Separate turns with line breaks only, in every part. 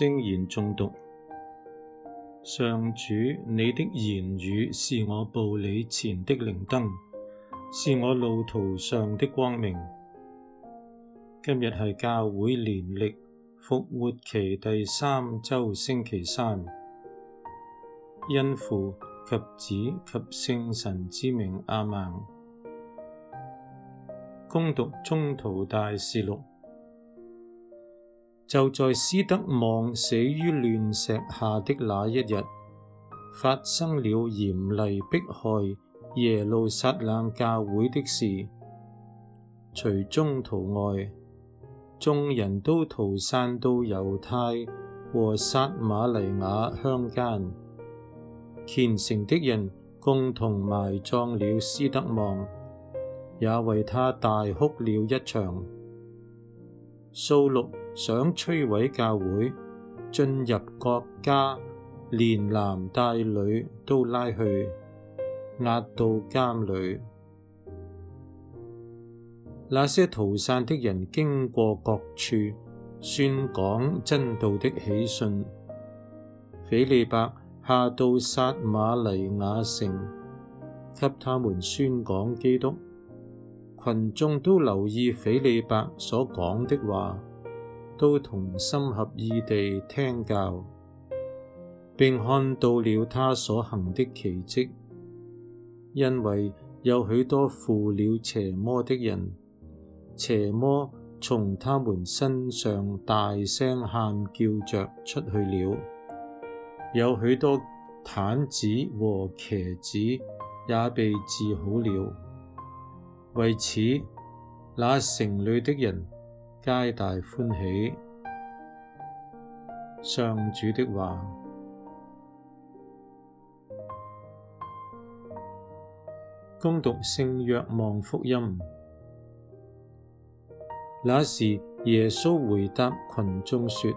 經言誦讀，上主，你的言語是我步履前的靈燈，是我路途上的光明。今日係教會年曆復活期第三周星期三，因父及子及聖神之名亞孟。恭讀宗徒大事錄。就在斯德望死於亂石下的那一日，發生了嚴厲迫害耶路撒冷教會的事。除宗徒外，眾人都逃散到猶太和撒瑪黎雅鄉間，虔誠的人共同埋葬了斯德望，也為他大哭了一場。掃祿想摧毀教會，進入各家，連男帶女都拉去，押到監裏。那些逃散的人經過各處，宣講真道的喜訊。斐理伯下到撒瑪黎雅城，給他們宣講基督。群眾都留意斐理伯所講的話，都同心合意地聽教，並看到了他所行的奇蹟。因為有許多附了邪魔的人，邪魔從他們身上大聲喊叫着出去了。有許多癱子和瘸子也被治好了。為此，那城裏的人皆大歡喜。上主的話：恭讀聖若望福音。那時，耶穌回答群眾說：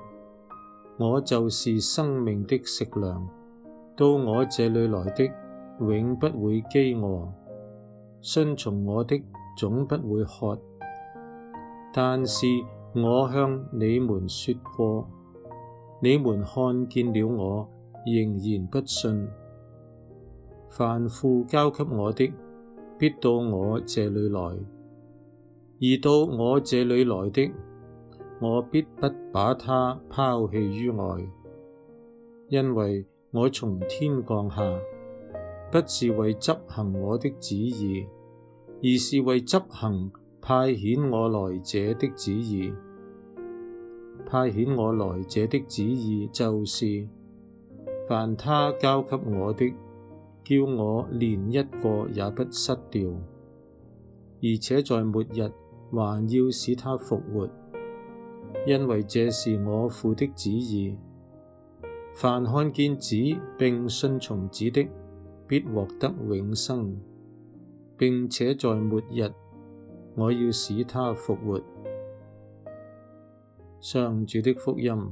我就是生命的食糧，到我這裏來的，永不會饑餓。信從我的總不會渴。但是我向你們說過，你們看見了我，仍然不信。凡父交給我的，必到我這裏來；而到我這裏來的，我必不把他拋棄於外，因為我從天降下。不是為執行我的旨意，而是為執行派遣我來者的旨意。派遣我來者的旨意就是：凡他交給我的，叫我連一個也不失掉；而且在末日還要使他復活，因為這是我父的旨意。凡看見子並信從子的，必獲得永生，並且在末日，我要使他復活。上主的福音。